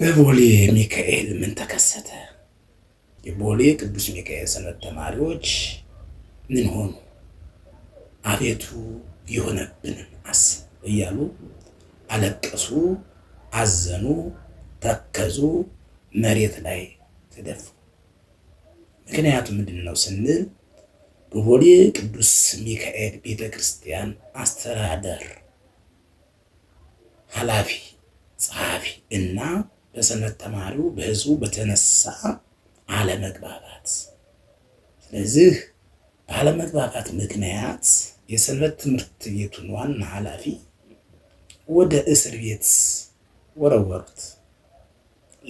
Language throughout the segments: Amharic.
በቦሌ ሚካኤል ምን ተከሰተ? የቦሌ ቅዱስ ሚካኤል ሰንበት ተማሪዎች ምን ሆኑ? አቤቱ የሆነብን አስ እያሉ አለቀሱ፣ አዘኑ፣ ተከዙ፣ መሬት ላይ ተደፉ። ምክንያቱ ምንድን ነው ስንል በቦሌ ቅዱስ ሚካኤል ቤተ ክርስቲያን አስተዳደር ኃላፊ ጸሐፊ እና በሰንበት ተማሪው በህዝቡ በተነሳ አለመግባባት። ስለዚህ በአለመግባባት ምክንያት የሰንበት ትምህርት ቤቱን ዋና ኃላፊ ወደ እስር ቤት ወረወሩት።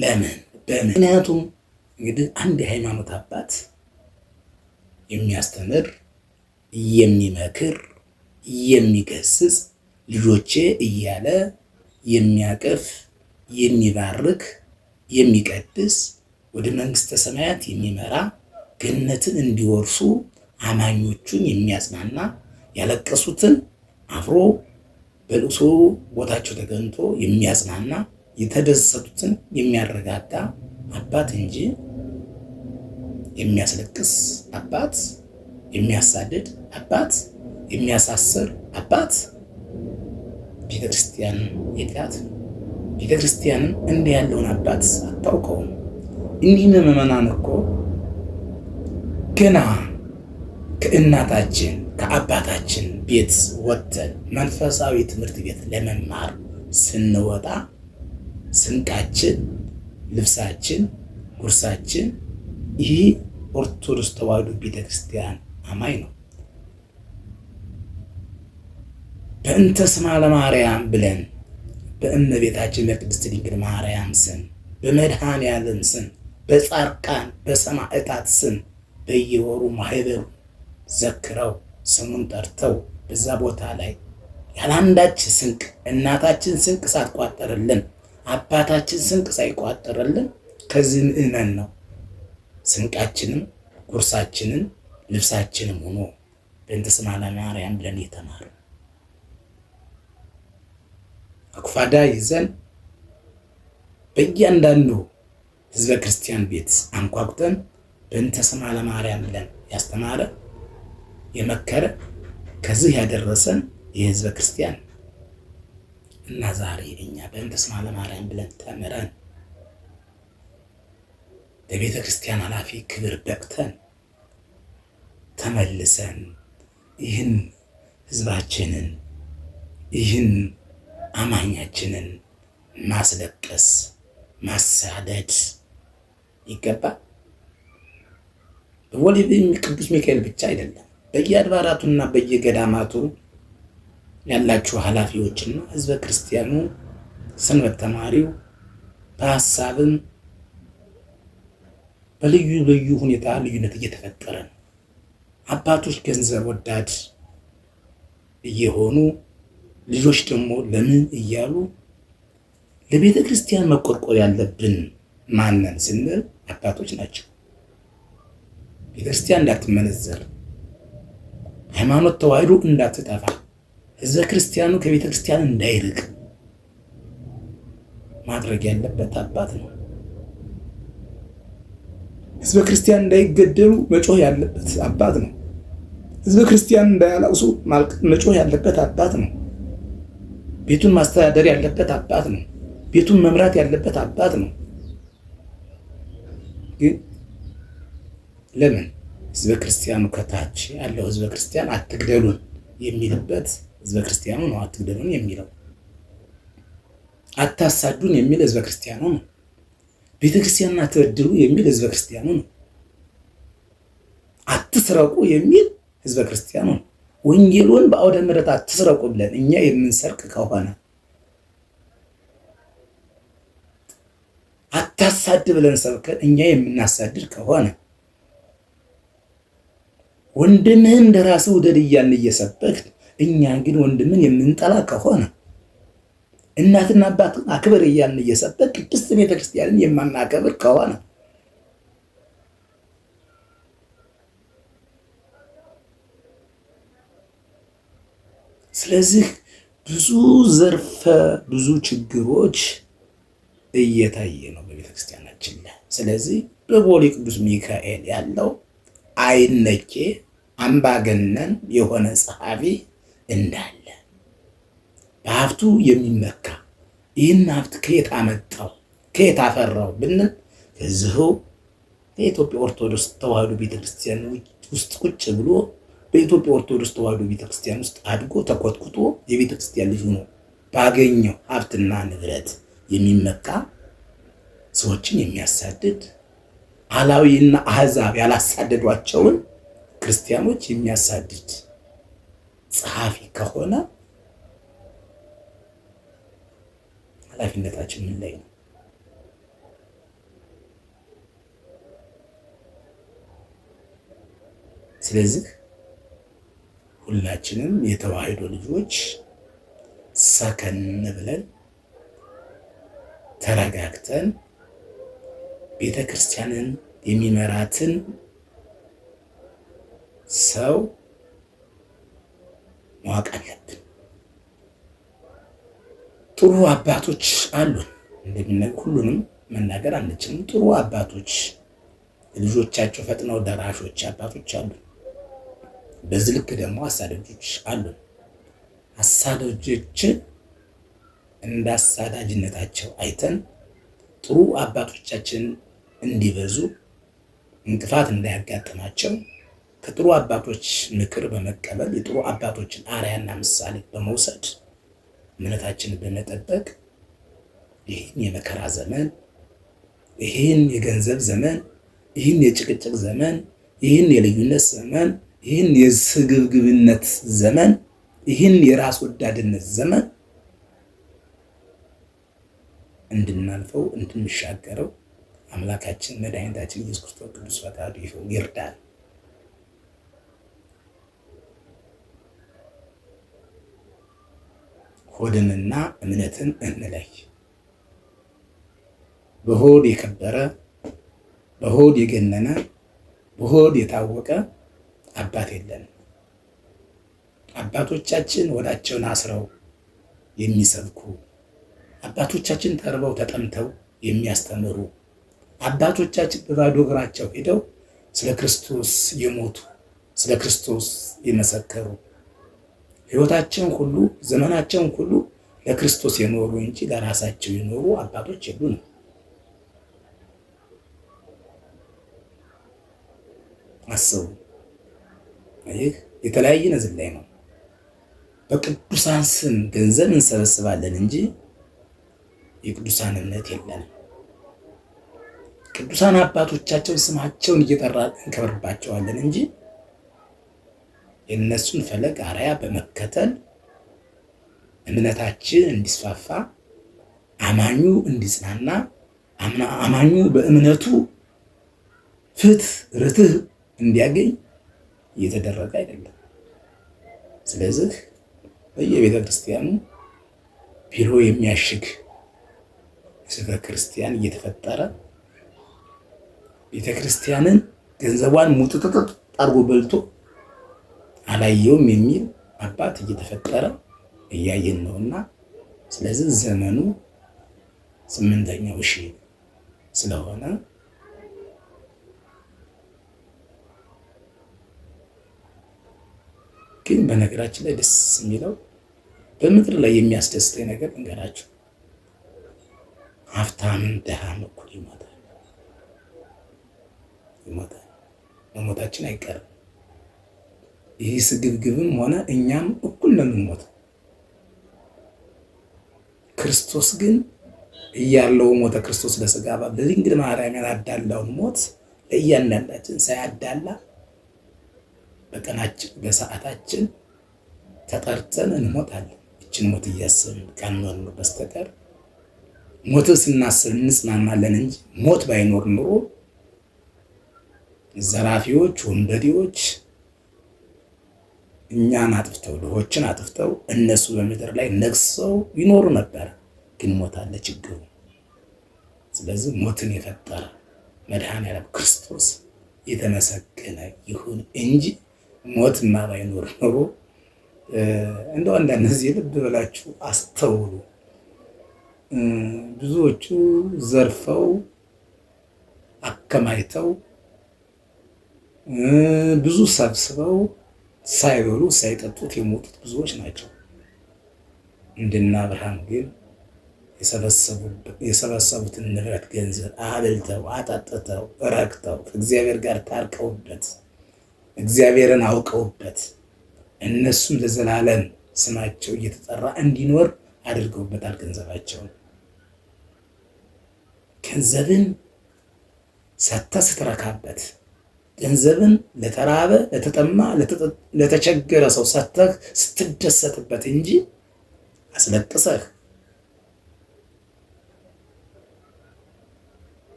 ለምን? በምን? ምክንያቱም እንግዲህ አንድ የሃይማኖት አባት የሚያስተምር የሚመክር የሚገስጽ ልጆቼ እያለ የሚያቅፍ የሚባርክ የሚቀድስ ወደ መንግስተ ሰማያት የሚመራ ገነትን እንዲወርሱ አማኞቹን የሚያጽናና ያለቀሱትን አብሮ በልቅሶ ቦታቸው ተገንቶ የሚያጽናና የተደሰቱትን የሚያረጋጋ አባት እንጂ የሚያስለቅስ አባት፣ የሚያሳድድ አባት፣ የሚያሳስር አባት ቤተክርስቲያን የላት። ቤተ ክርስቲያንም እንዲህ ያለውን አባት አታውቀውም። እኒህ ምዕመናን እኮ ገና ከእናታችን ከአባታችን ቤት ወጥተን መንፈሳዊ ትምህርት ቤት ለመማር ስንወጣ ስንቃችን፣ ልብሳችን፣ ጉርሳችን ይህ ኦርቶዶክስ ተዋህዶ ቤተ ክርስቲያን አማኝ ነው። በእንተ ስማ ለማርያም ብለን በእመቤታችን በቅድስት ድንግል ማርያም ስም በመድሃን ዓለም ስም በጻርቃን በሰማዕታት ስም በየወሩ ማህበሩ ዘክረው ስሙን ጠርተው በዛ ቦታ ላይ ያላንዳች ስንቅ እናታችን ስንቅ ሳትቋጠርልን አባታችን ስንቅ ሳይቋጠርልን ከዚህ ምእመን ነው ስንቃችንም ጉርሳችንን ልብሳችንም ሆኖ በእንተ ስማ ለማርያም ብለን የተማረ አኩፋዳ ይዘን በእያንዳንዱ ህዝበ ክርስቲያን ቤት አንኳኩተን በእንተ ስማ ለማርያም ብለን ያስተማረ የመከረ ከዚህ ያደረሰን የህዝበ ክርስቲያን እና ዛሬ እኛ በእንተ ስማ ለማርያም ብለን ተምረን ለቤተ ክርስቲያን ኃላፊ ክብር በቅተን ተመልሰን ይህን ህዝባችንን ይህን አማኛችንን ማስለቀስ፣ ማሳደድ ይገባል። ወሊድ ቅዱስ ሚካኤል ብቻ አይደለም። በየአድባራቱና በየገዳማቱ ያላችሁ ኃላፊዎችና ህዝበ ክርስቲያኑ ሰንበት ተማሪው በሀሳብም በልዩ ልዩ ሁኔታ ልዩነት እየተፈጠረ ነው። አባቶች ገንዘብ ወዳድ እየሆኑ ልጆች ደግሞ ለምን እያሉ ለቤተ ክርስቲያን መቆርቆር ያለብን ማንን ስንል አባቶች ናቸው። ቤተ ክርስቲያን እንዳትመነዘር፣ ሃይማኖት ተዋህዶ እንዳትጠፋ፣ ህዝበ ክርስቲያኑ ከቤተ ክርስቲያን እንዳይርቅ ማድረግ ያለበት አባት ነው። ህዝበ ክርስቲያን እንዳይገደሉ መጮህ ያለበት አባት ነው። ህዝበ ክርስቲያን እንዳያላቅሱ መጮህ ያለበት አባት ነው። ቤቱን ማስተዳደር ያለበት አባት ነው። ቤቱን መምራት ያለበት አባት ነው። ግን ለምን ህዝበ ክርስቲያኑ ከታች ያለው ህዝበ ክርስቲያን አትግደሉን የሚልበት ህዝበ ክርስቲያኑ ነው። አትግደሉን የሚለው አታሳዱን የሚል ህዝበ ክርስቲያኑ ነው። ክርስቲያንን አትበድሉ የሚል ህዝበ ክርስቲያኑ ነው። አትስረቁ የሚል ህዝበ ክርስቲያኑ ነው። ወንጌሉን በአውደ ምሕረት አትስረቁ ብለን እኛ የምንሰርቅ ከሆነ አታሳድ ብለን ሰብከን እኛ የምናሳድድ ከሆነ ወንድምህን እንደ ራስህ ውደድ እያልን እየሰበክን እኛ ግን ወንድምን የምንጠላ ከሆነ እናትና አባትን አክብር እያልን እየሰበክ ቅድስት ቤተክርስቲያንን የማናከብር ከሆነ ስለዚህ ብዙ ዘርፈ ብዙ ችግሮች እየታየ ነው በቤተክርስቲያናችን ላይ። ስለዚህ በቦሌ ቅዱስ ሚካኤል ያለው አይነቄ አምባገነን የሆነ ጸሐፊ እንዳለ በሀብቱ የሚመካ ይህን ሀብት ከየት አመጣው ከየት አፈራው ብንል ከዚሁ ከኢትዮጵያ ኦርቶዶክስ ተዋህዶ ቤተክርስቲያን ውስጥ ቁጭ ብሎ በኢትዮጵያ ኦርቶዶክስ ተዋህዶ ቤተክርስቲያን ውስጥ አድጎ ተኮትኩቶ የቤተክርስቲያን ልጅ ሆኖ ባገኘው ሀብትና ንብረት የሚመካ ሰዎችን የሚያሳድድ አላዊና አህዛብ ያላሳደዷቸውን ክርስቲያኖች የሚያሳድድ ጸሐፊ ከሆነ ኃላፊነታችን ምን ላይ ነው? ስለዚህ ሁላችንም የተዋህዶ ልጆች ሰከን ብለን ተረጋግተን ቤተ ክርስቲያንን የሚመራትን ሰው ማወቅ አለብን። ጥሩ አባቶች አሉን። እንደሚነግ ሁሉንም መናገር አንችልም። ጥሩ አባቶች ልጆቻቸው ፈጥነው ደራሾች አባቶች አሉን። በዚህ ልክ ደግሞ አሳዳጆች አሉ። አሳዳጆችን እንደ አሳዳጅነታቸው አይተን ጥሩ አባቶቻችን እንዲበዙ እንቅፋት እንዳያጋጥማቸው ከጥሩ አባቶች ምክር በመቀበል የጥሩ አባቶችን አርያና ምሳሌ በመውሰድ እምነታችንን በመጠበቅ ይህን የመከራ ዘመን፣ ይህን የገንዘብ ዘመን፣ ይህን የጭቅጭቅ ዘመን፣ ይህን የልዩነት ዘመን ይህን የስግብግብነት ዘመን ይህን የራስ ወዳድነት ዘመን እንድናልፈው እንድንሻገረው አምላካችን መድኃኒታችን ኢየሱስ ክርስቶስ ቅዱስ ፈቃዱ ይሁን ይርዳል። ሆድንና እምነትን እንለይ። በሆድ የከበረ በሆድ የገነነ በሆድ የታወቀ አባት የለን። አባቶቻችን ወዳቸውን አስረው የሚሰብኩ አባቶቻችን ተርበው ተጠምተው የሚያስተምሩ አባቶቻችን በባዶ እግራቸው ሄደው ስለ ክርስቶስ የሞቱ ስለ ክርስቶስ የመሰከሩ ሕይወታቸውን ሁሉ ዘመናቸውን ሁሉ ለክርስቶስ የኖሩ እንጂ ለራሳቸው የኖሩ አባቶች ነው። አስቡ። ይህ የተለያየ ነዝብ ላይ ነው። በቅዱሳን ስም ገንዘብ እንሰበስባለን እንጂ የቅዱሳን እምነት የለንም። ቅዱሳን አባቶቻቸውን ስማቸውን እየጠራ እንከብርባቸዋለን እንጂ የእነሱን ፈለግ አርያ በመከተል እምነታችን እንዲስፋፋ አማኙ እንዲጽናና አማኙ በእምነቱ ፍትህ ርትህ እንዲያገኝ እየተደረገ አይደለም። ስለዚህ በየቤተ ክርስቲያኑ ቢሮ የሚያሽግ ስለ ክርስቲያን እየተፈጠረ ቤተ ክርስቲያንን ገንዘቧን ሙጥጥጥ አድርጎ በልቶ አላየውም የሚል አባት እየተፈጠረ እያየን ነውና፣ ስለዚህ ዘመኑ ስምንተኛው ሺ ስለሆነ ግን በነገራችን ላይ ደስ የሚለው በምድር ላይ የሚያስደስተኝ ነገር እንገራችሁ፣ ሀብታምን ደሃም እኩል ይሞታል። ይሞታል፣ መሞታችን አይቀርም። ይህ ስግብግብም ሆነ እኛም እኩል ነው የምንሞተው። ክርስቶስ ግን እያለው ሞተ። ክርስቶስ ለሥጋ በድንግል ማርያም ያዳላውን ሞት ለእያንዳንዳችን ሳያዳላ በቀናችን በሰዓታችን ተጠርተን እንሞታለን። ይችን ሞት እያሰብን ካልኖርን በስተቀር ሞትን ስናስብ እንጽናናለን እንጂ ሞት ባይኖር ኑሮ ዘራፊዎች፣ ወንበዴዎች እኛን አጥፍተው ድሆችን አጥፍተው እነሱ በምድር ላይ ነግሰው ይኖሩ ነበር። ግን ሞት አለ ችግሩ። ስለዚህ ሞትን የፈጠረ መድኃኔዓለም ክርስቶስ የተመሰገነ ይሁን እንጂ ሞትማ ባይኖር ኖሮ እንደው አንዳነዚህ ልብ ብላችሁ አስተውሉ። ብዙዎቹ ዘርፈው አከማይተው ብዙ ሰብስበው ሳይበሉ ሳይጠጡት የሞቱት ብዙዎች ናቸው። እንድና አብርሃም ግን የሰበሰቡትን ንብረት ገንዘብ አብልተው አጠጥተው ረክተው ከእግዚአብሔር ጋር ታርቀውበት እግዚአብሔርን አውቀውበት እነሱም ለዘላለም ስማቸው እየተጠራ እንዲኖር አድርገውበታል። ገንዘባቸውን ገንዘብን ሰታ ስትረካበት ገንዘብን ለተራበ ለተጠማ ለተቸገረ ሰው ሰተህ ስትደሰትበት እንጂ አስለቅሰህ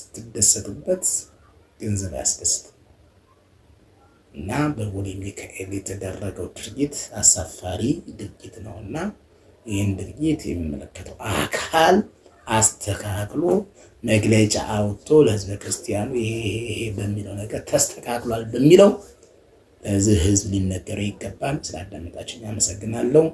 ስትደሰትበት ገንዘብ አያስደስትም። እና በቦሌ ሚካኤል የተደረገው ድርጊት አሳፋሪ ድርጊት ነው እና ይህን ድርጊት የሚመለከተው አካል አስተካክሎ መግለጫ አውጥቶ ለህዝበ ክርስቲያኑ ይሄ በሚለው ነገር ተስተካክሏል በሚለው ለዚህ ህዝብ ሊነገረው ይገባል። ስላዳመጣችሁ አመሰግናለሁ።